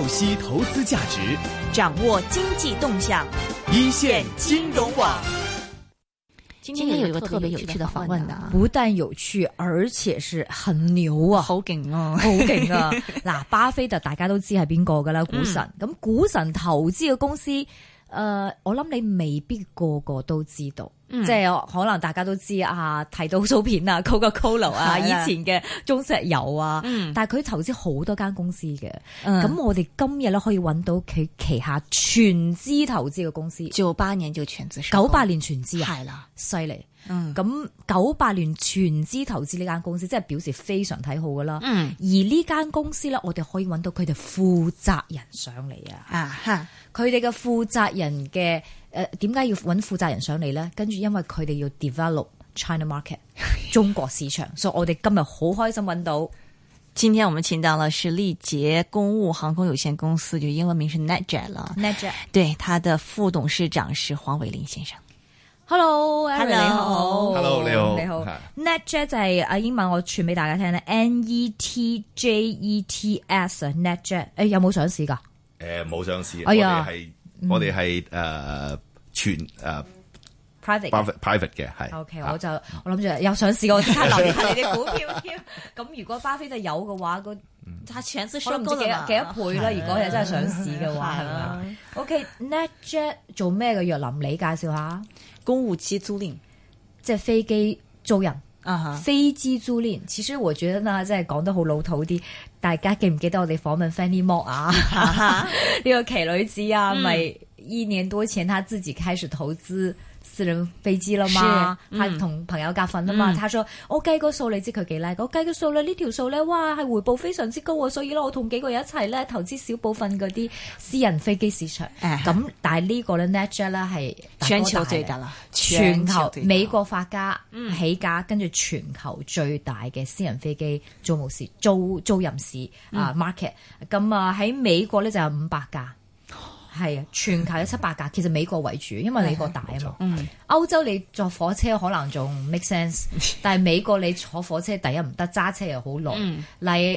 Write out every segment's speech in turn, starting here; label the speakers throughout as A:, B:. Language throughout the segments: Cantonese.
A: 透析投資價值，掌握經濟動向，一綫金融網。
B: 今天有一個特別有趣的訪問啊！不但有趣，而且是很牛啊！好勁強啊！ 好勁啊！嗱，巴菲特大家都知係邊個噶啦，股神。咁、嗯、股神投資嘅公司，誒、呃，我諗你未必個個都知道。嗯、即係可能大家都知啊，提到蘇片啊，c o 高 o 啊，以前嘅中石油啊，嗯、但係佢投資好多間公司嘅，咁、嗯、我哋今日咧可以揾到佢旗下全資投資嘅公司，做班人叫全資，九八年全資啊，係啦的，犀利害，咁九八年全資投資呢間公司，即係表示非常睇好噶啦，嗯、而呢間公司咧，我哋可以揾到佢哋負責人上嚟啊哈，佢哋嘅負責人嘅。誒，點解、呃、要揾負責人上嚟咧？跟住因為佢哋要 develop China market，中國市場， 所以我哋今日好開心揾到。今天我們請到啦，
A: 是利捷公務航空有限公司，就英文名是 NetJet 啦，NetJet。Net jet 對，他的副董事長是黃偉麟先生。
B: Hello，Hello，你好，Hello，, Aaron, hello 你好，hello, 你好。NetJet 就係啊，英文我傳俾大家聽咧，N-E-T-J-E-T-S，NetJet。誒、e e Net 欸，有冇上市噶？誒、
C: 呃，冇上市，哎、呀我哋係。我哋係誒全誒 private private 嘅係。
B: O K 我就我諗住又想試我即刻留意下你啲股票添。咁如果巴菲特有嘅話，個吓都 e 唔知幾幾多倍啦。如果你真係想試嘅話，係咪？O K NetJet 做咩嘅？偉麟你介紹下。公務機租賃，即係飛機租人。啊飛機租賃，其實我覺得啦，即係講得好老土啲。大家記唔記得我哋訪問 Fanny Mo 啊？呢 個奇女子啊，咪、嗯、一年多前，她自己開始投資。私人飛機啦嘛，係同、嗯、朋友夾份啊嘛，他咗、嗯，我計個數，你知佢幾叻？我計個數咧，呢條數咧，哇係回報非常之高啊！所以咧，我同幾個人一齊咧投資少部分嗰啲私人飛機市場。誒、哎呀，咁但係呢個咧 NetJets 咧係全球最緊啦，全，全球美國發家起價，嗯、跟住全球最大嘅私人飛機租務市租租賃市啊 market、嗯。咁啊喺美國咧就有五百架。係啊，全球有七八架，其實美國為主，因為美國大啊嘛。嗯，歐洲你坐火車可能仲 make sense， 但係美國你坐火車第一唔得，揸車又好耐。嗯，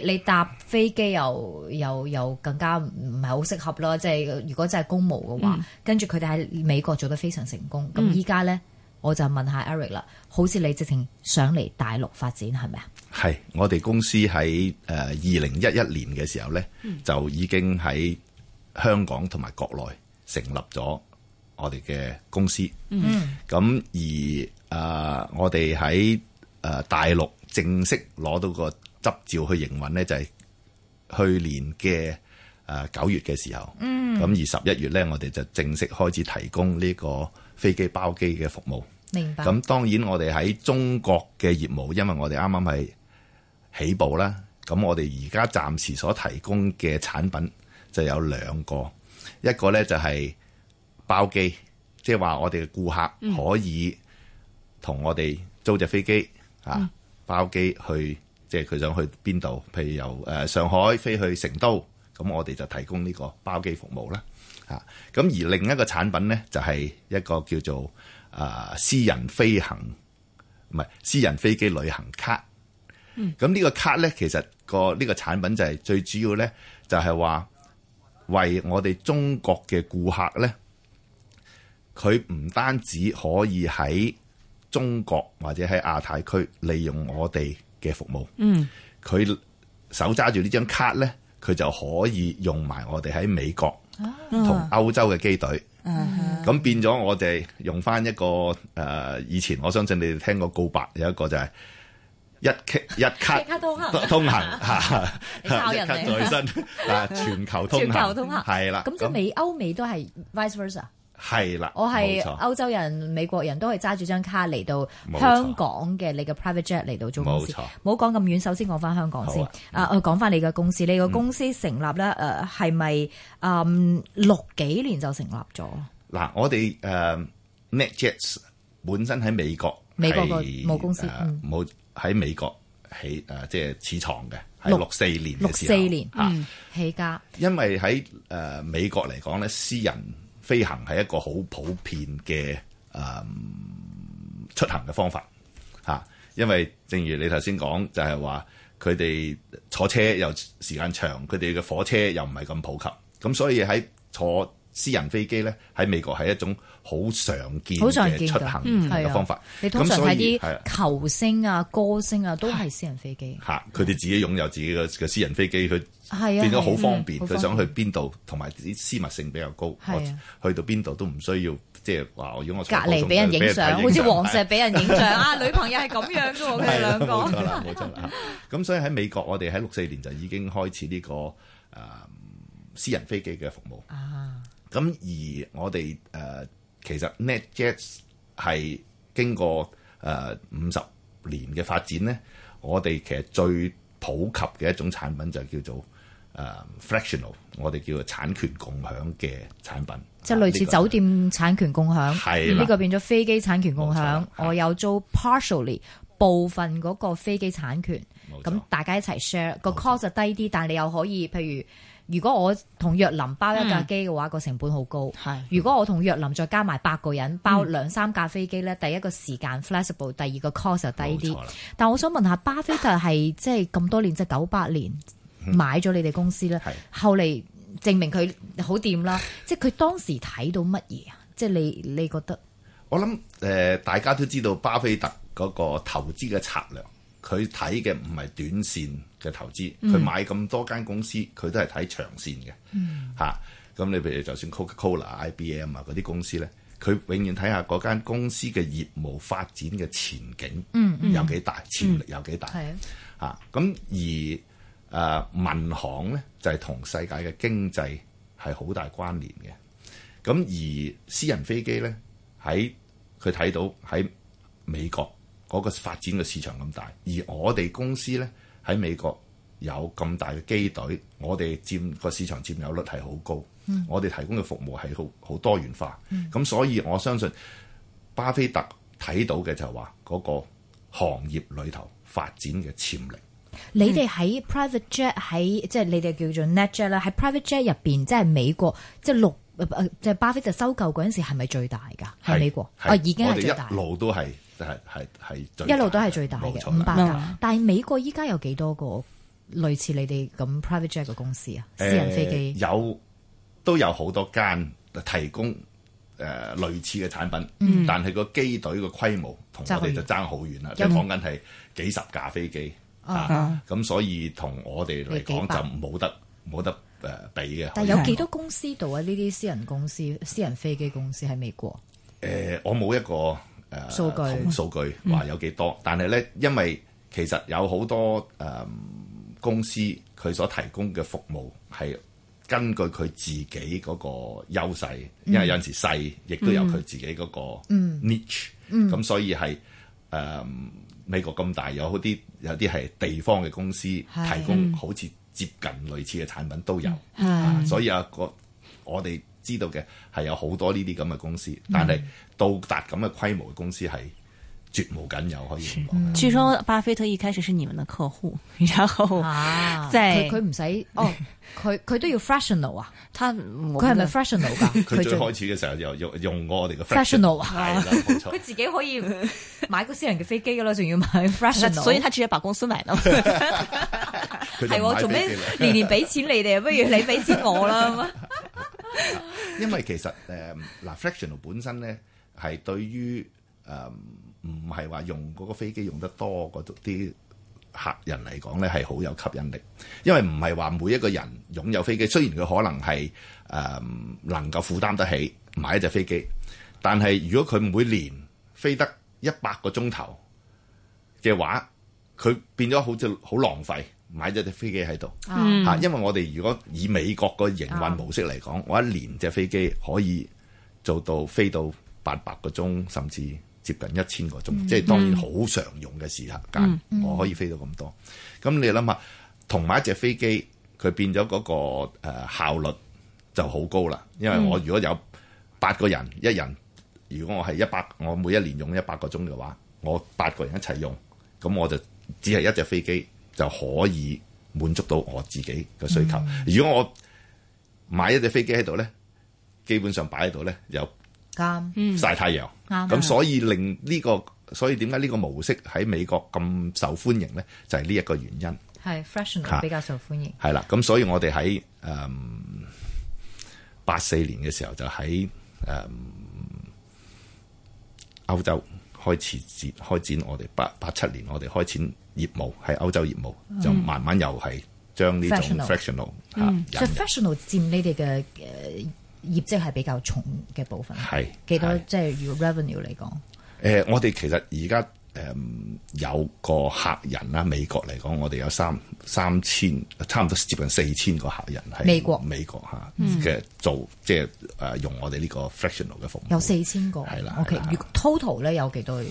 B: 你搭飛機又又又更加唔係好適合啦。即係如果真係公務嘅話，跟住佢哋喺美國做得非常成功。咁依家呢，我就問下 Eric 啦，好似你直情上嚟大陸發展係咪啊？
C: 係，我哋公司喺誒二零一一年嘅時候呢，嗯、就已經喺。香港同埋國內成立咗我哋嘅公司，咁、嗯、而、呃、我哋喺大陸正式攞到個執照去營運呢就係、是、去年嘅九、呃、月嘅時候。咁、嗯、而十一月咧，我哋就正式開始提供呢個飛機包機嘅服務。
B: 明白。咁，
C: 當然我哋喺中國嘅業務，因為我哋啱啱係起步啦，咁我哋而家暫時所提供嘅產品。就有兩個，一個咧就係包機，即係話我哋嘅顧客可以同我哋租隻飛機啊，嗯、包機去，即係佢想去邊度，譬如由誒上海飛去成都，咁我哋就提供呢個包機服務啦。啊，咁而另一個產品咧就係一個叫做私人飛行，唔係私人飛機旅行卡。嗯，咁呢個卡咧其實個呢個產品就係最主要咧，就係話。為我哋中國嘅顧客咧，佢唔單止可以喺中國或者喺亞太區利用我哋嘅服務，嗯，佢手揸住呢張卡咧，佢就可以用埋我哋喺美國同歐洲嘅機隊，咁、啊、變咗我哋用翻一個誒、呃，以前我相信你哋聽過告白有一個就係、是。一卡一卡通行，通行嚇，一卡在身，全球通行，係啦。咁即係美、
B: 歐、美都係 vice versa。
C: 係啦，我係歐
B: 洲人、美國人都係揸住張卡嚟到香港嘅，你嘅 private jet 嚟到中國。冇講咁遠，首先講翻香港先。啊，講翻你嘅公司，你嘅公司成立咧，誒，係咪誒六幾年就成立咗？
C: 嗱，我哋誒 NetJets 本身喺美國，
B: 美國個母公司
C: 冇。喺美國起誒即係始創嘅，喺六四年嘅時候，四
B: 年起家。
C: 因為喺誒美國嚟講咧，私人飛行係一個好普遍嘅誒、嗯、出行嘅方法嚇。因為正如你頭先講，就係話佢哋坐車又時間長，佢哋嘅火車又唔係咁普及，咁所以喺坐。私人飛機咧喺美國係一種好常見嘅出行嘅方法。你通常睇啲
B: 球星啊、歌星啊都係私人飛機。
C: 嚇，佢哋自己擁有自己嘅嘅私人飛機，佢變咗好方便。佢想去邊度，同埋啲私密性比較高。去到邊度都唔需要即係話，如果我隔離俾人影相，好似王石俾
B: 人影相啊，女朋友係
A: 咁樣嘅喎。係啊，佢哋兩個，冇錯啦，
C: 冇錯啦。咁所以喺美國，我哋喺六四年就已經開始呢個啊私人飛機嘅服務啊。咁而我哋誒、呃，其實 NetJets 係經過誒五十年嘅發展咧，我哋其實最普及嘅一種產品就叫做誒、呃、fractional，我哋叫做產權共享嘅產品。
B: 即係類似酒店產權共享，係呢個變咗飛機產權共享。我有租 partially 部分嗰個飛機產權，咁錯大家一齊 share 個 cost 就低啲，錯但係你又可以譬如。如果我同若林包一架機嘅話個、嗯、成本好高。如果我同若林再加埋八個人包兩三架飛機咧，嗯、第一個時間 flexible，第二個 cost 就低啲。但我想問一下，巴菲特係即係咁多年，即係九八年買咗你哋公司咧，嗯、後嚟證明佢好掂啦。即係佢當時睇到乜嘢啊？即係你，你覺得？我諗
C: 誒、呃、大家都知道巴菲特個投資嘅策略。佢睇嘅唔係短線嘅投資，佢買咁多間公司，佢都係睇長線嘅。咁、嗯啊、你譬如就算 Coca-Cola、IBM 啊，嗰啲公司咧，佢永遠睇下嗰間公司嘅業務發展嘅前景有幾大，嗯嗯，潛力有幾大咁、嗯啊、而、呃、民航咧就係、是、同世界嘅經濟係好大關聯嘅。咁、啊、而私人飛機咧喺佢睇到喺美國。嗰個發展嘅市場咁大，而我哋公司咧喺美國有咁大嘅機隊，我哋佔個市場佔有率係好高，嗯、我哋提供嘅服務係好好多元化。咁、嗯、所以我相信巴菲特睇到嘅就係話嗰個行業裏頭發展嘅潛力。
B: 你哋喺 private jet 喺即係你哋叫做 NetJets 啦，喺 private jet 入邊即係美國即係六即係巴菲特收購嗰陣時係咪最大㗎？喺美國是哦已經係最大，一
C: 路都係。係係係，一路都係最
B: 大嘅五百架。但係，美國依家有幾多個類似你哋咁 private jet 嘅公司啊？私人飛機，
C: 有都有好多間提供誒類似嘅產品，但係個機隊嘅規模同我哋就爭好遠啦。即係講緊係幾十架飛機啊，咁所以同我哋嚟講就冇得冇得誒比嘅。但係有幾
B: 多公司度啊？呢啲私人公司、私人飛機公司喺美國？
C: 誒，我冇一個數據，呃、同數據話有幾多？嗯、但係咧，因為其實有好多誒、呃、公司，佢所提供嘅服務係根據佢自己嗰個優勢，嗯、因為有陣時細，亦都有佢自己嗰個 niche，咁、嗯嗯嗯、所以係誒、呃、美國咁大，有好啲有啲係地方嘅公司提供好似接近類似嘅產品都有，嗯嗯呃、所以阿、啊、個我哋。我哋知道嘅係有好多呢啲咁嘅公司，但係到達咁嘅規模嘅公司係絕無僅有，可以形容。
A: 除咗巴菲特，一開始是你們的客戶，然後即係佢唔使哦，
B: 佢佢都要 fractional 啊，佢係咪 fractional 噶？佢最開
C: 始嘅時候又用我哋嘅 fractional，係啦冇錯，佢
B: 自己可以買個私人嘅飛機㗎啦，仲要買 fractional，所 以佢住喺白公室嚟。啊
C: 係喎，做咩年年俾
B: 錢你哋，不如你俾錢我啦。
C: 因為其實誒嗱 fractional 本身咧，係對於誒唔係話用嗰個飛機用得多嗰啲客人嚟講咧，係好有吸引力。因為唔係話每一個人擁有飛機，雖然佢可能係誒能夠負擔得起買一隻飛機，但係如果佢每年飛得一百個鐘頭嘅話，佢變咗好似好浪費。買咗隻飛機喺度、嗯、因為我哋如果以美國個營運模式嚟講，嗯、我一年隻飛機可以做到飛到八百個鐘，甚至接近一千個鐘，嗯、即係當然好常用嘅時刻間、嗯、我可以飛到咁多。咁你諗下，同買一隻飛機，佢變咗嗰個誒效率就好高啦。因為我如果有八個人，一人如果我係一百，我每一年用一百個鐘嘅話，我八個人一齊用，咁我就只係一隻飛機。就可以滿足到我自己嘅需求。嗯、如果我買一隻飛機喺度咧，基本上擺喺度咧有曬太陽，咁、嗯嗯、所以令呢、呢個，所以點解呢個模式喺美國咁受歡迎咧？就係呢一個原因。
B: 係 freshen 比較受歡迎。
C: 係啦，咁所以我哋喺誒八四年嘅時候就喺誒、um, 歐洲開始展開展我哋八八七年我哋開展。業務係歐洲業務，就慢慢又係將呢種 fractional
B: 嚇。fractional 佔你哋嘅誒業績係比較重嘅部分，係幾多？即係如 revenue 嚟講。
C: 誒，我哋其實而家誒有個客人啦，美國嚟講，我哋有三三千，差唔多接近四千個客人喺美國。美
B: 國嚇嘅
C: 做即係誒用我哋呢個 fractional
B: 嘅服務，有四千個。係啦，OK。如 total 咧有幾多嘢？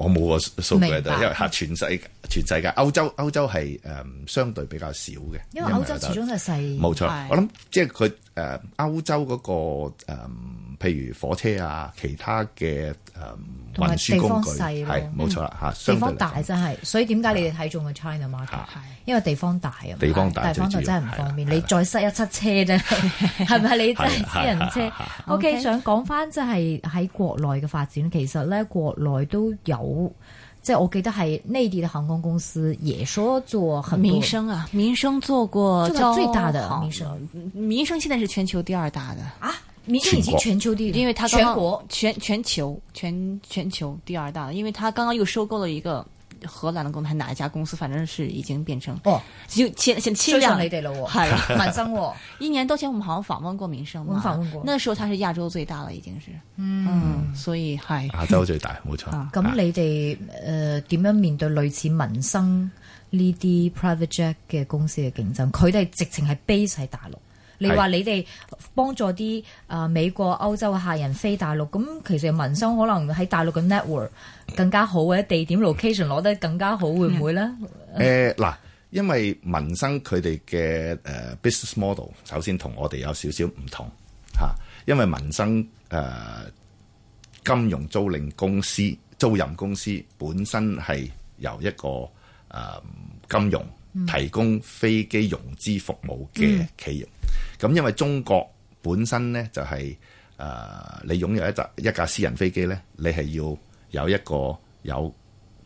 C: 我冇個數據，但白因為核全世界、全世界歐洲、歐洲係誒、嗯、相對比較少嘅，因為歐洲始終都係細。冇錯，的我諗即係佢誒歐洲嗰、那個、嗯譬如火車啊，其他嘅誒運輸工具係冇錯啦嚇。地方大
B: 真係，所以點解你哋睇中嘅 China market？因為地方大啊嘛，地方大就真係唔方便。你再塞一七車啫，係咪你真係私人車？OK，想講翻即係喺國內嘅發展，其實咧國內都有，即係我記得係內地嘅航空公司也說做很多。民生啊，民生做過做最大嘅民生，
A: 民生現在係全球第二大嘅啊。民生已經全球第，因為他剛全國全全球全全球第二大，因為他剛剛又收購了一個荷蘭的公司，還哪一家公司反正是已經變成哦，就前前七輛你哋咯，民生一年多前我們好像訪問過民生，我訪問過，那時候他是亞洲最大了已經是嗯，所以係
C: 亞洲最大冇
B: 錯。咁你哋誒點樣面對類似民生呢啲 private jet 嘅公司嘅競爭？佢哋直情係 base 喺大陸。你話你哋幫助啲啊美國歐洲嘅客人飛大陸，咁其實民生可能喺大陸嘅 network 更加好，或者地點 location 攞得更加好，會唔會咧？嗱、
C: 嗯呃，因為民生佢哋嘅 business model 首先同我哋有少少唔同，因為民生、呃、金融租賃公司租任公司本身係由一個、呃、金融。提供飛機融資服務嘅企業，咁、嗯、因為中國本身咧就係、是、誒、呃、你擁有一架一架私人飛機咧，你係要有一個有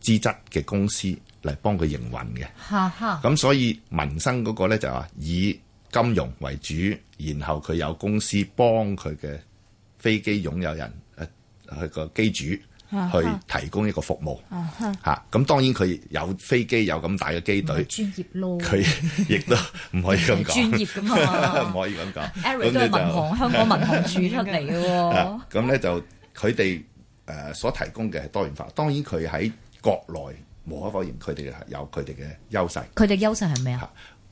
C: 資質嘅公司嚟幫佢營運嘅。
B: 嚇嚇哈！咁
C: 所以民生嗰個咧就話以金融為主，然後佢有公司幫佢嘅飛機擁有人誒佢個機主。去提供一個服務，吓咁當然佢有飛機有咁大嘅機隊，
B: 專業咯，佢
C: 亦都唔可以咁講，專業噶嘛，唔可以咁講。Eric 都係民航香港民航處出嚟嘅，咁咧就佢哋誒所提供嘅係多元化。當然佢喺國內無可否認，佢哋有佢哋嘅優勢。佢
B: 哋優勢係咩啊？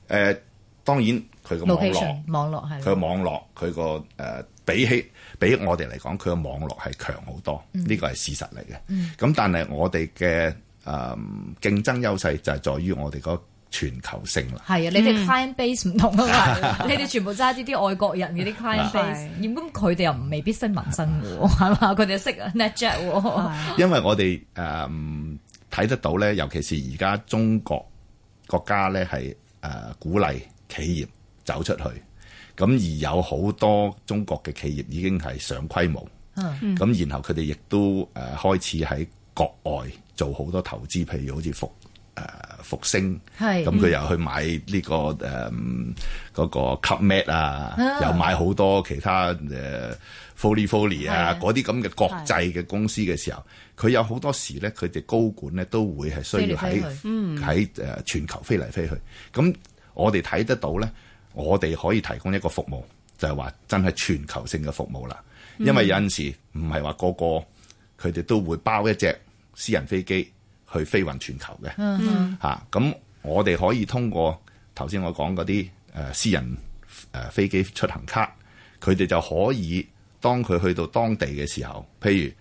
C: 誒。當然佢個網絡，
B: 網絡係佢個
C: 網絡，佢個誒比起比起我哋嚟講，佢個網絡係強好多，呢個係事實嚟嘅。咁、嗯嗯、但係我哋嘅誒競爭優勢就係在於我哋個全球性啦。
B: 係啊，你哋 client base 唔同啊嘛，嗯、 你哋全部揸啲啲外國人嗰啲 client base，咁佢哋又未必識民生嘅喎，係嘛？ 佢哋識 NetJets 喎。
C: 的因為我哋誒睇得到咧，尤其是而家中國國家咧係誒鼓勵。企業走出去，咁而有好多中國嘅企業已經係上規模，咁、嗯、然後佢哋亦都誒、呃、開始喺國外做好多投資，譬如好似復誒、呃、復星，咁佢是又去買呢、這個誒嗰、嗯嗯那個 Club Med 啊，又買好多其他誒、呃、Folli Follie 啊嗰啲咁嘅國際嘅公司嘅時候，佢的有好多時咧，佢哋高管咧都會係需要喺喺、嗯呃、全球飛嚟飛去，咁。我哋睇得到咧，我哋可以提供一個服務，就係話真係全球性嘅服務啦。因為有陣時唔係話個個，佢哋都會包一隻私人飛機去飛運全球嘅。嗯嗯、mm。咁、hmm。啊、我哋可以通過頭先我講嗰啲呃私人呃飛機出行卡，佢哋就可以當佢去到當地嘅時候，譬如、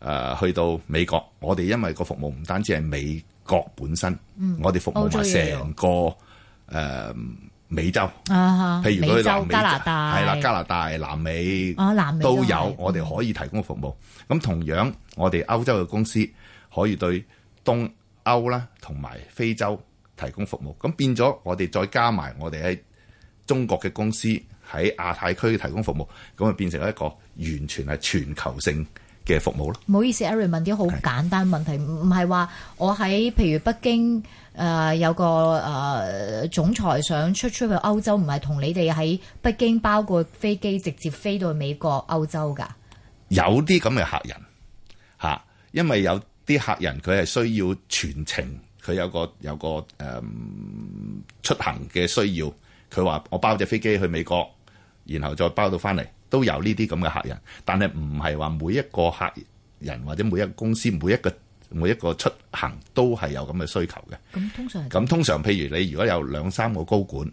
C: 呃、去到美國。我哋因為個服務唔單止係美國本身，mm hmm. 我哋服務埋成個。誒、呃、美洲
B: 啊，Uh-huh, 譬如去南美，係啦，加
C: 拿大、南美、啊、南美都有我哋可以提供服務。咁、嗯、同樣，我哋歐洲嘅公司可以對東歐啦，同埋非洲提供服務。咁變咗，我哋再加埋我哋喺中國嘅公司喺亞太區提供服務，咁就變成一個完全係全球性。嘅服務咯，
B: 唔好意思，Aaron 問啲好簡單問題，唔係話我喺譬如北京誒、呃、有個誒、呃、總裁想出出去歐洲，唔係同你哋喺北京包個飛機直接飛到去美國歐洲噶，
C: 有啲咁嘅客人嚇，因為有啲客人佢係需要全程，佢有個有個誒、呃、出行嘅需要，佢話我包隻飛機去美國。然後再包到翻嚟都有呢啲咁嘅客人，但係唔係話每一個客人或者每一個公司每一個每一個出行都係有咁嘅需求嘅。咁通常咁通常，譬如你如果有兩三個高管，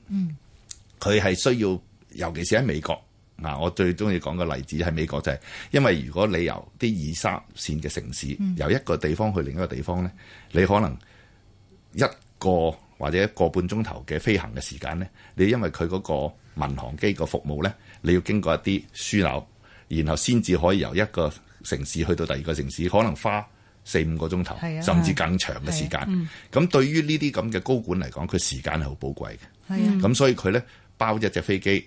C: 佢係、嗯、需要，尤其是喺美國嗱，我最中意講嘅例子喺美國就係、是，因為如果你由啲二三線嘅城市、嗯、由一個地方去另一個地方咧，你可能一個或者一個半鐘頭嘅飛行嘅時間咧，你因為佢嗰、那個。民航機個服務咧，你要經過一啲樞紐，然後先至可以由一個城市去到第二個城市，可能花四五個鐘頭，啊、甚至更長嘅時間。咁、啊啊嗯、對於呢啲咁嘅高管嚟講，佢時間係好寶貴嘅。咁、啊、所以佢咧包一隻飛機，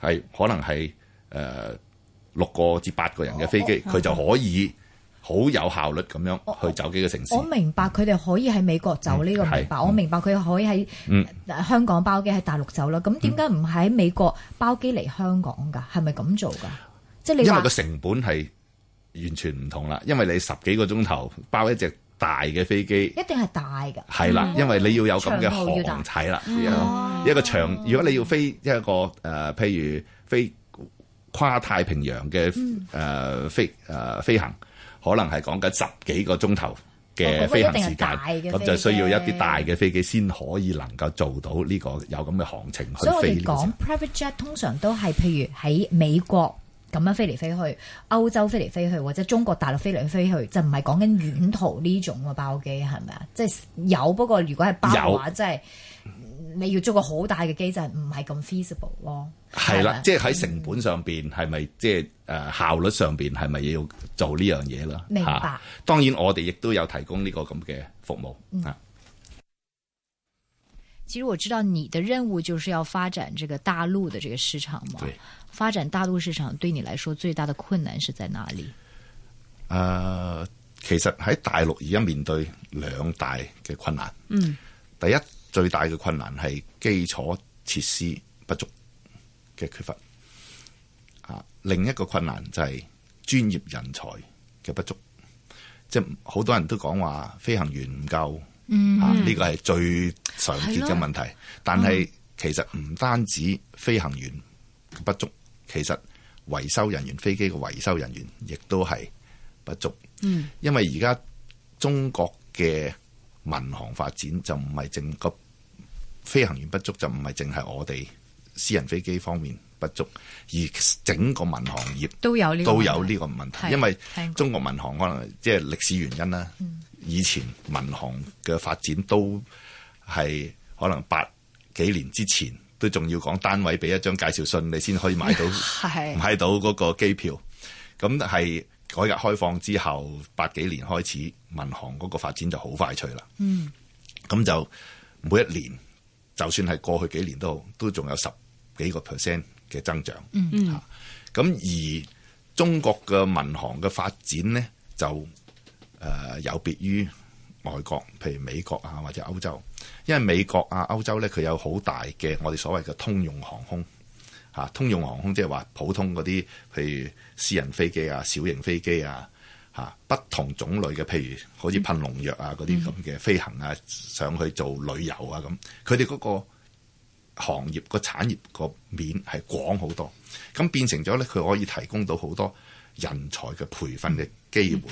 C: 係可能係六、呃、個至八個人嘅飛機，佢、哦、就可以。好有效率咁樣去走幾個城市。我,我,我
B: 明白佢哋可以喺美國走呢、嗯、個明白，嗯、我明白佢可以喺香港包機喺大陸走啦。咁點解唔喺美國包機嚟香港㗎？係咪咁做㗎？即係你因為個成
C: 本係完全唔同啦。因為你十幾個鐘頭包一隻大嘅飛機，
B: 一定係大㗎。係啦的，嗯、因為你要有咁嘅航
C: 產啦。啊、一個長，如果你要飛一個、呃、譬如飛跨太平洋嘅誒、呃飛,呃、飛行。可能係講緊十幾個鐘頭嘅飛行時間咁、哦那個、就需要一啲大嘅飛機先可以能夠做到呢個有咁嘅行程去飛呢？所以我哋講
B: private jet 通常都係譬如喺美國咁樣飛嚟飛去，歐洲飛嚟飛去，或者中國大陸飛嚟飛去，就唔係講緊遠途呢種嘅包機係咪啊？即係、就是、有，不過如果係包嘅話即係。你要做一個好大嘅機制，唔係咁 feasible 咯。
C: 係啦，吧即係喺成本上邊，係咪即係誒效率上邊，係咪要做呢樣嘢啦？明白。啊、當然，我哋亦都有提供呢個咁嘅服務、嗯、
B: 啊。其實我知道你的任務就是要發展這個大陸嘅這個市場嘛。對。發展大陸市場對你來說最大的困難是在哪裏？誒、
C: 呃，其實喺大陸而家面對兩大嘅困難。嗯。第一。最大嘅困難係基礎設施不足嘅缺乏，啊，另一個困難就係專業人才嘅不足，即係好多人都講話飛行員唔夠，
B: 啊，呢
C: 個係最常見嘅問題。但係其實唔單止飛行員不足，其實的維修人員飛機嘅維修人員亦都係不足，因為而家中國嘅民航發展就唔係淨個。飛行員不足就唔係淨係我哋私人飛機方面不足，而整個民航業都有呢個問題，問題的因為中國民航可能即係歷史原因啦。的以前民航嘅發展都係可能八幾年之前都仲要講單位俾一張介紹信，你先可以買到的
A: 買
C: 到嗰個機票。咁係改革開放之後，八幾年開始民航嗰個發展就好快脆啦。嗯的，咁就每一年。就算係過去幾年都好，都仲有十幾個 percent 嘅增長。嗯嗯、mm，咁、hmm. 啊、而中國嘅民航嘅發展咧，就、呃、有別於外國，譬如美國啊或者歐洲，因為美國啊歐洲咧，佢有好大嘅我哋所謂嘅通用航空、啊、通用航空即係話普通嗰啲譬如私人飛機啊、小型飛機啊。嚇、啊，不同種類嘅，譬如好似噴農藥啊嗰啲咁嘅飛行啊，嗯、上去做旅遊啊咁，佢哋嗰個行業、嗰個產業個面係廣好多，咁變成咗咧，佢可以提供到好多人才嘅培訓嘅機會。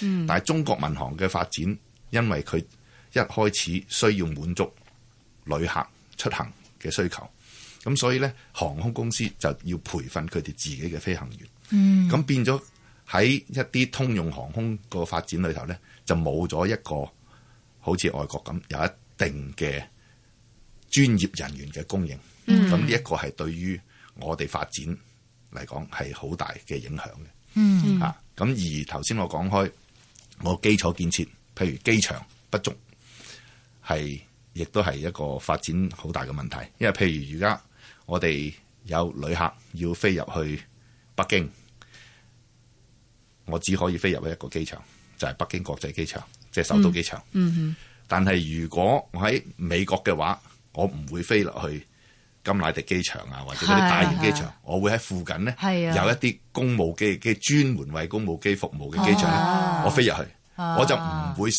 C: 嗯，嗯，但係中國民航嘅發展，因為佢一開始需要滿足旅客出行嘅需求，咁所以咧，航空公司就要培訓佢哋自己嘅飛行員。嗯，咁變咗。喺一啲通用航空個發展裏頭咧，就冇咗一個好似外國咁有一定嘅專業人員嘅供應，咁呢一個係對於我哋發展嚟講係好大嘅影響嘅。嗯、mm，嚇、hmm. 咁、啊、而頭先我講開我基礎建設，譬如機場不足，係亦都係一個發展好大嘅問題。因為譬如而家我哋有旅客要飛入去北京。我只可以飛入一個機場，就係、是、北京國際機場，即、就、係、是、首都機場。嗯，嗯哼。但係如果我喺美國嘅話，我唔會飛落去甘迺迪機場啊，或者嗰啲大型機場。啊啊、我會喺附近呢，啊、有一啲公務機機專門為公務機服務嘅機場，啊、我飛入去，我就唔會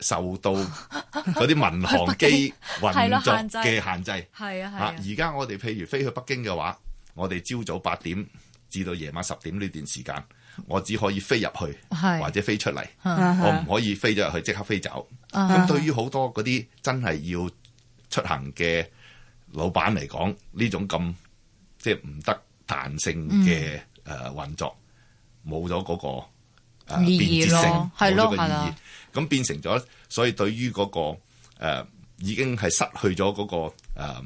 C: 受到
B: 嗰啲民航機運作嘅限制。係啊係啊。而
C: 家我哋譬如飛去北京嘅話，我哋朝早八點至到夜晚十點呢段時間，我只可以飛入去，是或者飛出嚟。是是是，我唔可以飛咗入去即刻飛走。咁對於好多嗰啲真係要出行嘅老闆嚟講，呢種咁即係唔得彈性嘅誒運作，冇咗嗰個
B: 便捷性，冇咗個意義。
C: 咁變成咗，所以對於嗰、那個誒、呃、已經係失去咗嗰、那個誒、呃、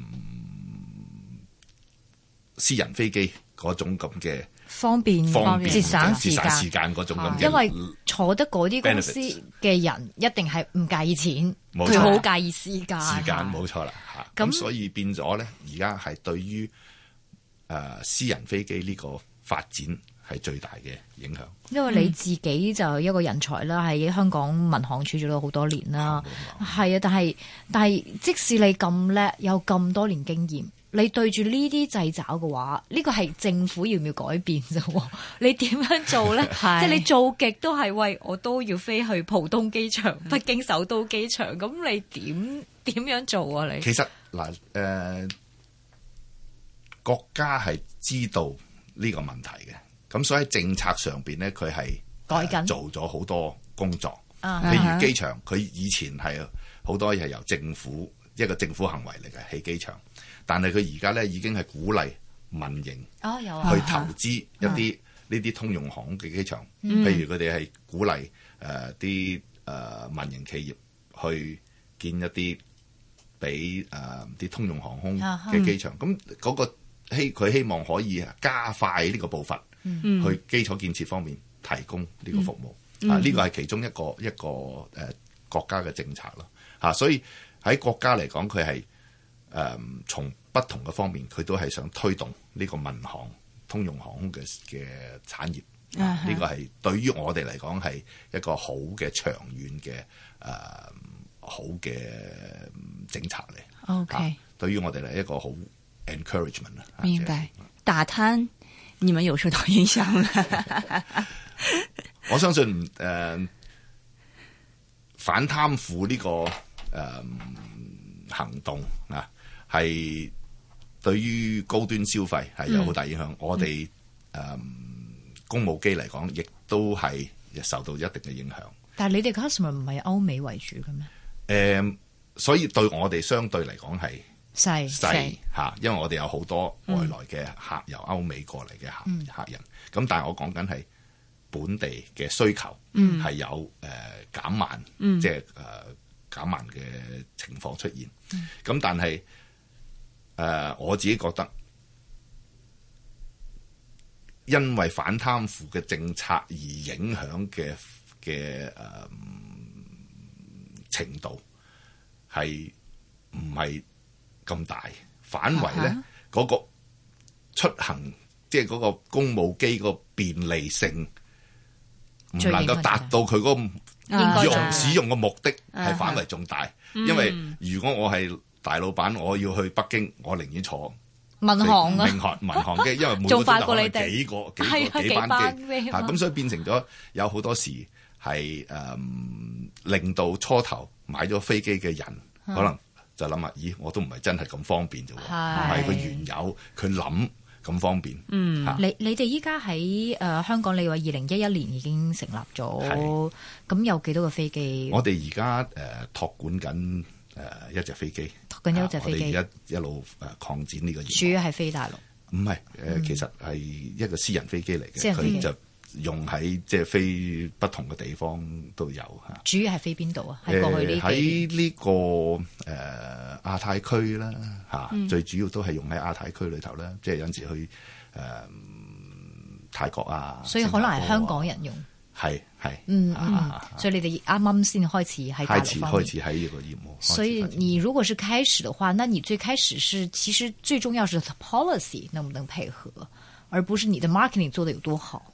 C: 私人飛機嗰種咁嘅。
B: 方便、節省便、節省時
C: 間嗰種咁，因為
B: 坐得嗰啲公司嘅人一定係唔介意錢，佢好錯介意時間。時間
C: 冇錯啦，嚇咁、嗯、所以變咗咧，而家係對於誒私人飛機呢個發展係最大嘅影響。因為你
B: 自己就一個人才啦，喺香港民航處做咗好多年啦，係啊，但係但係，即使你咁叻，有咁多年經驗。你對住呢啲掣肘嘅話，呢個係政府要唔要改變啫？你點樣做咧？即係 是你做極都係喂，我都要飛去浦東機場、嗯、北京首都機場。咁你點點樣，樣做啊？你其
C: 實嗱誒、呃，國家係知道呢個問題嘅，咁所以政策上邊咧，佢係改緊做咗好多工作。
B: 譬正如機
C: 場，佢以前係好多嘢係由政府。一個政府行為嚟嘅，起機場，但係佢而家咧已經係鼓勵民營去投資一啲呢啲通用航空嘅機場，啊啊嗯、譬如佢哋係鼓勵誒啲誒民營企業去建一啲俾誒啲通用航空嘅機場。咁嗰、啊嗯嗰個希佢希望可以加快呢個步伐，去基礎建設方面提供呢個服務、嗯嗯、啊。呢個係其中一個一個誒、呃、國家嘅政策咯嚇、啊，所以。喺國家嚟講，佢係誒，從、呃、不同嘅方面，佢都係想推動呢個民航通用航空嘅嘅產業。呢、uh
A: huh. 啊這個
C: 係對於我哋嚟講係一個好嘅長遠嘅誒，好嘅政策嚟。OK，啊、對於我哋嚟一個好 encouragement 啊
A: Okay.、就是。明白打貪，你們有受到影響嗎？
C: 我相信誒、呃，反貪腐呢、這個誒。呃行動啊，係對於高端消費係有好大影響。嗯、我哋誒、嗯、公務機嚟講，亦都係受到一定嘅影響。
B: 但係你哋 customer 唔係歐美為主嘅咩？
C: 誒、嗯，所以對我哋相對嚟講係細細吓，因為我哋有好多外來嘅客、嗯、由歐美過嚟嘅客客人。咁、嗯、但係我講緊係本地嘅需求係有誒減、呃、慢，嗯、即係誒。呃減慢嘅情況出現，咁但係誒、呃，我自己覺得因為反貪腐嘅政策而影響嘅嘅誒程度係唔係咁大，反為咧嗰、啊、個出行即係嗰個公務機個便利性唔能夠達到佢嗰。用使用嘅目的係反為重大，嗯、因為如果我係大老闆，我要去北京，我寧願坐
B: 民航嘅，民航民航機，因為每個鐘頭係幾
C: 個幾個是幾班機，吓咁、啊啊、所以變成咗有好多時係誒、嗯、令到初頭買咗飛機嘅人、嗯、可能就諗啊，咦，我都唔係真係咁方便啫，
B: 唔係佢原
C: 有，佢諗。他想咁方便。嗯，
B: 是你你哋依家喺誒香港，你話二零一一年已經成立咗，咁是有幾多個飛機？我哋
C: 而家誒託管緊誒、呃、一隻飛機，託
B: 緊一隻飛機，
C: 一、啊、一路誒、呃、擴展呢個業務。主要係飛大陸，唔係誒，其實係一個私人飛機嚟嘅，佢就。嗯用喺即係飛不同嘅地方都有嚇，
B: 主要係飛邊度啊？喺過去呢喺
C: 呢個誒亞太區啦嚇，最主要都係用喺亞太區裏頭啦。即係有陣時去誒、呃、泰國啊，所以可能係香港人用係，係、啊、嗯、啊、嗯，
B: 所以你哋啱啱先開始，開始開始
C: 喺呢個業務。所以
B: 你如果是開始嘅話，那你最開始是其實最重要是 policy 能唔能配合，而不是你的 marketing 做得有多好。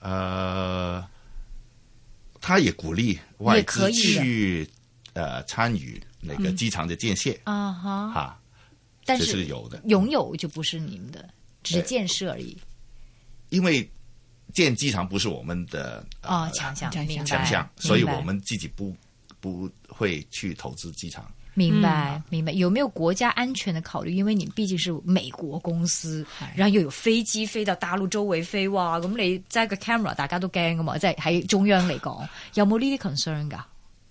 C: 呃，他也鼓勵外資去呃參與那個機場的建設
B: 啊哈啊，但是，是有的擁有就不是你們的，只是建設而已，
C: 呃。因為建機場不是我們的
B: 強項強項強項，所以，我
C: 們自己不白不會去投資機場。
B: 明白，嗯、明白。有沒有國家安全的考慮？因為你畢竟是美國公司，然後又有飛機飛到大陸周圍飛哇，咁你揸個 camera，大家都驚噶嘛？即係喺中央嚟講，有冇呢啲 concern 噶？
C: 誒、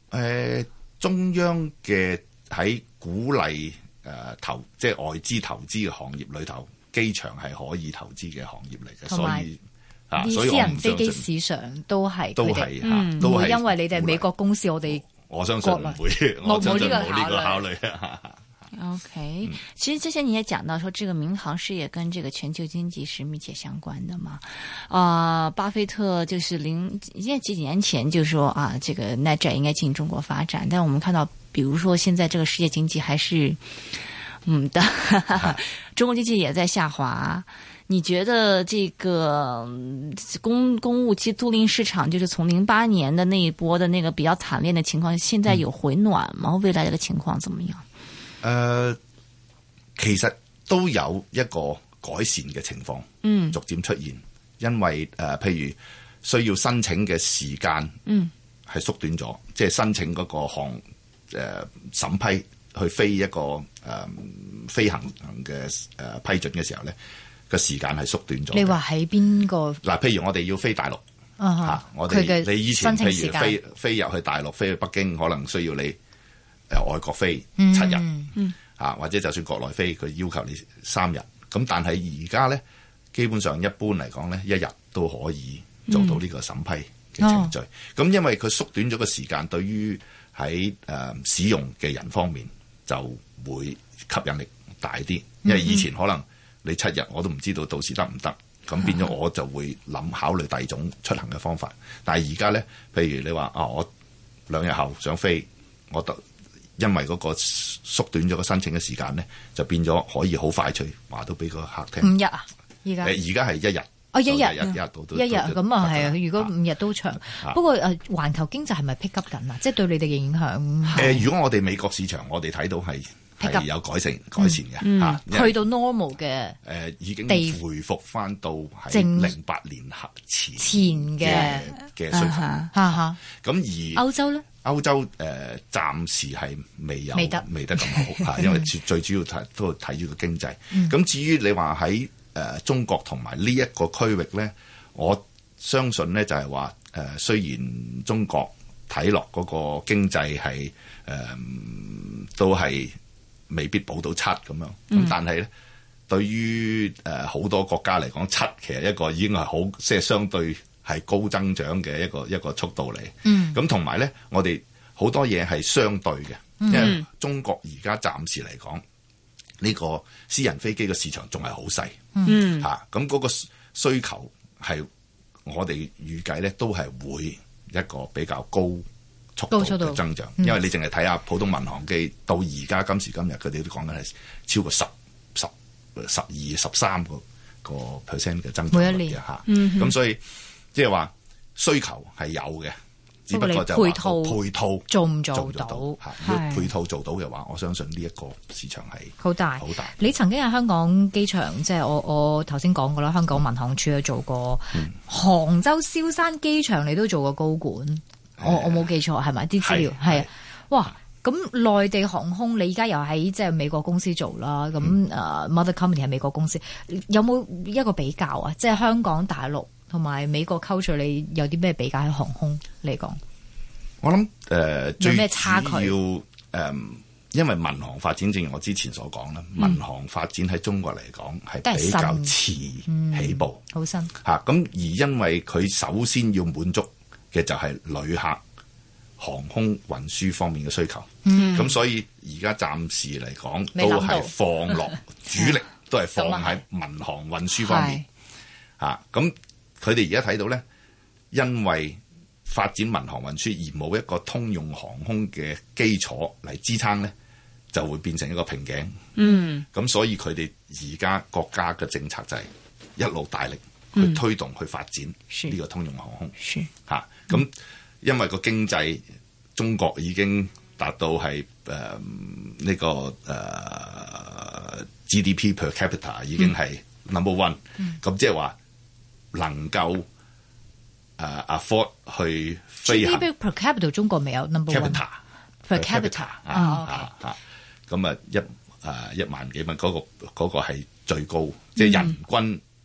C: 呃，中央嘅喺鼓勵誒投，即係外資投資嘅行業裏頭，機場係可以投資嘅行業嚟嘅，有所以啊，所以
B: 我唔相信。私人飛機市場都係，都係，啊嗯、因為你哋美國公司，我哋。我相
C: 信唔會，我，沒這個我相信冇呢
B: 個考慮。 OK，其實之前
A: 你也講到說，這個民航事業跟這個全球經濟是密切相關的嘛。啊、呃，巴菲特就是零，因為幾年前就說啊，這個 NetJets 應該進中國發展。但我們看到，比如說現在這個世界經濟還是，唔得， 中國經濟也在下滑。你覺得這個公公務機租賃市場，就是從零八年的那一波的那個比較慘烈的情況，現在有回暖嗎？未來的情況怎麼樣？誒、
C: 呃，其實都有一個改善的情況，嗯，逐漸出現，嗯、因為誒、呃，譬如需要申請嘅時間是，嗯，係縮短咗，即係申請嗰個項誒、呃、審批去飛一個誒、呃、飛行嘅誒、呃、批准嘅時候咧。個時間係縮短咗。你話
B: 喺邊個？
C: 嗱，譬如我哋要飛大陸，uh、
B: huh, 啊，我哋你以前譬如飛，
C: 飛入去大陸，飛去北京，可能需要你、呃、外國飛七日，mm hmm. 啊，或者就算國內飛，佢要求你三日。咁但係而家咧，基本上一般嚟講咧，一日都可以做到呢個審批嘅程序。咁、mm hmm. 因為佢縮短咗個時間，對於喺、呃、使用嘅人方面就會吸引力大啲，因為以前可能。你七日我都唔知道到時得唔得，咁變咗我就會諗考慮第二種出行嘅方法。但係而家咧，譬如你話啊、哦，我兩日後想飛，我得因為嗰個縮短咗個申請嘅時間咧，就變咗可以好快脆話到俾個客聽。五日啊，而
B: 家而家係一日啊、哦，一日一日，一日咁啊係啊。日如果五日都長，啊、不過誒，環球經濟係咪 pick up 緊啊？即係對你哋影響。嗯、
C: 如果我哋美國市場，我哋睇到係。係有改善，
B: 改善嘅嚇，嗯嗯，為去到 normal 嘅誒，
C: 呃，已經地回復翻到係零八年前
B: 前嘅的嘅水平嚇。
C: 咁而歐洲咧，歐洲誒，呃，暫時係未有未得未得咁好嚇， 因為最主要睇都睇住個經濟。咁，嗯，至於你話喺誒中國同埋呢一個區域咧，我相信咧就係話誒，雖然中國睇落嗰個經濟係，呃，都係。未必保到七咁樣，咁但係咧，對於誒好多國家嚟講，七其實一個已經係好，即係相對係高增長嘅一個一個速度嚟。嗯、咁同埋咧，我哋好多嘢係相對嘅，因為中國而家暫時嚟講，呢個私人飛機嘅市場仲係好細。嗯、啊，吓咁嗰個需求係我哋預計咧，都係會一個比較高。速度增長，速度嗯、因為你淨係睇下普通民航機、嗯、到而家今時今日，佢哋都講緊係超過十十十二十三個個 percent 嘅增長、每一年嚇。咁、嗯、所以即係話需求係有嘅，
B: 只不，只不過就話配套做唔
C: 做，做，做，做，做到。要是配套做到嘅話，我相信呢一個市場係
B: 好大好大。你曾經喺香港機場，即、就、係、是、我我頭先講過啦，香港民航處有做過、嗯、杭州蕭山機場，你都做過高管。我我冇記錯係咪啲資料係啊的的？哇！咁內地航空你而家又喺即係美國公司做啦，咁 mother company 係美國公司，有冇一個比較啊？即、就、係、是、香港大陸同埋美國 culture，你有啲咩比較喺航空嚟講？
C: 我諗誒、呃、最主要，要、呃、誒，因為民航發展正如我之前所講啦，民航發展喺中國嚟講係比較遲起步，好、嗯、新嚇。咁、啊、而因為佢首先要滿足。嘅就係旅客航空運輸方面嘅需求，咁、嗯、所以而家暫時嚟講都係放落主力， 是都係放喺民航運輸方面。嚇，咁佢哋而家睇到咧，因為發展民航運輸而冇一個通用航空嘅基礎嚟支撐咧，就會變成一個瓶頸。嗯，咁所以佢哋而家國家嘅政策就係一路大力，去推動去發展呢個通用航空，嚇咁，啊嗯嗯、因為個經濟中國已經達到係誒呢個誒、呃、GDP per capita 已經係 number one，咁即係話能夠誒、呃、afford 去飛行。
B: GDP per capita 中國未有 number one per capita 啊
C: 啊！咁 okay. 啊，啊，啊一誒、啊、一萬幾蚊嗰個嗰、那個係最高，即、就、係、是、人均、嗯。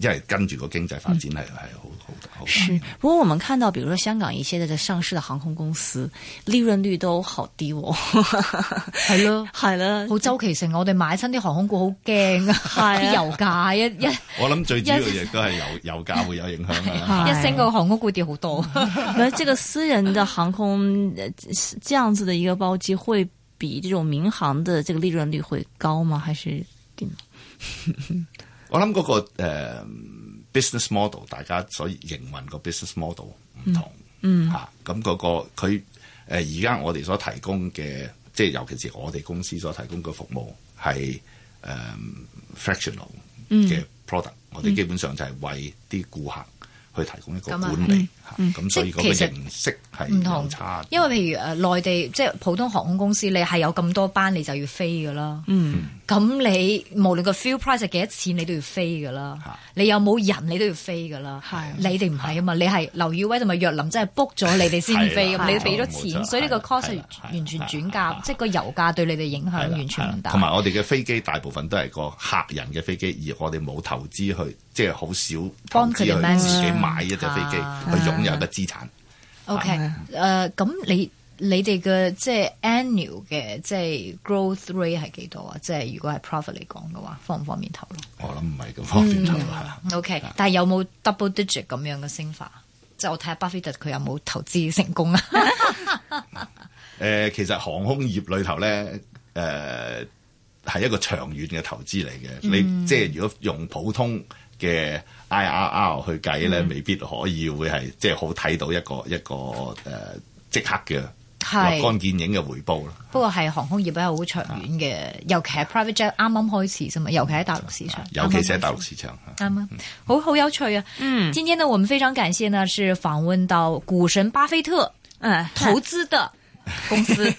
C: 因為跟住個經濟發展
A: 係係好好好。是，如果我們看到，比如說香港一些在上市的航空公司，
B: 利潤率都好低喎。係咯，係啦，好周期性。我哋買親啲航空股好驚啊，啲油價一一。
C: 我諗最主要嘢都係油油價會有影響。一升
B: 個航空股跌好多。咁，這個私人的航空，
A: 這樣子的一個包機會比這種民航的這個利潤率會高嗎？還是點？
C: 我諗嗰，那個，呃、business model，大家所營運個 business model 唔同，咁嗰，嗯嗯啊那個佢而家我哋所提供嘅，即係尤其是我哋公司所提供嘅服務係，呃、fractional 嘅 product，嗯。我哋基本上就係為啲顧客去提供一個管理咁，嗯嗯啊、所以個形式係唔同。差。因
B: 為譬如內地即係普通航空公司，你係有咁多班，你就要飛噶啦。嗯嗯咁你無論個 fuel price 係幾多錢，你都要飛噶啦。你有冇人，你都要飛噶啦。你哋唔係啊嘛，你係劉宇威同埋若林真係 book 咗你哋先飛咁，你俾咗錢，所以呢個 cost 係完全轉嫁，即係個油價對你哋影響完全唔大。同埋
C: 我哋嘅飛機大部分都係個客人嘅飛機，而我哋冇投資去，即係好少幫佢哋買一隻飛機去擁有嘅資產。
B: OK，誒咁你。你哋嘅即係 annual 嘅即係 growth rate 係幾多啊？即係如果係 profit 嚟講嘅話，方唔方便透露？我諗
C: 唔係咁方便透露啦。
B: 嗯、o、okay, K，、嗯、但係有冇 double digit 咁樣嘅升法？即係、嗯、我睇下巴菲特佢有冇投資成功啊？
C: 誒、 呃，其實航空業裏頭咧，誒、呃，係一個長遠嘅投資嚟嘅。嗯、你即係如果用普通嘅 IRR 去計咧，嗯、未必可以會係即係好睇到一個一個誒、呃、即刻嘅。落是竿見影嘅回報啦，
B: 不過係航空業比較好長遠嘅是，尤其係 private jet 啱啱開始啫嘛，尤其喺大陸市場，尤其喺大陸市場嚇，啱啊，好好有趣啊，嗯，今天呢，我們非常感謝呢，是訪問到股神巴菲特，嗯，投資的。公司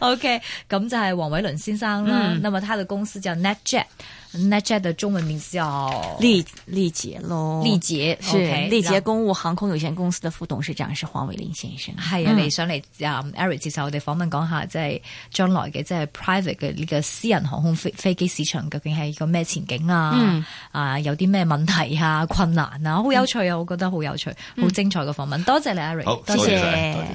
B: ，OK，咁就係黃偉倫先生啦。咁麼，他的公司叫 NetJet，NetJet 的中文名字叫麗麗捷咯。麗捷是力捷公務航空有限公司的副董事長，是黃偉麟先生。係啊，你上嚟 Eric 接受我哋訪問講下，即係將來嘅即係 private 嘅呢個私人航空飛飛機市場，究竟係個咩前景啊？啊，有啲咩問題啊？困難啊？好有趣啊！我覺得好有趣，好精彩嘅訪問。多謝你，Eric，多謝。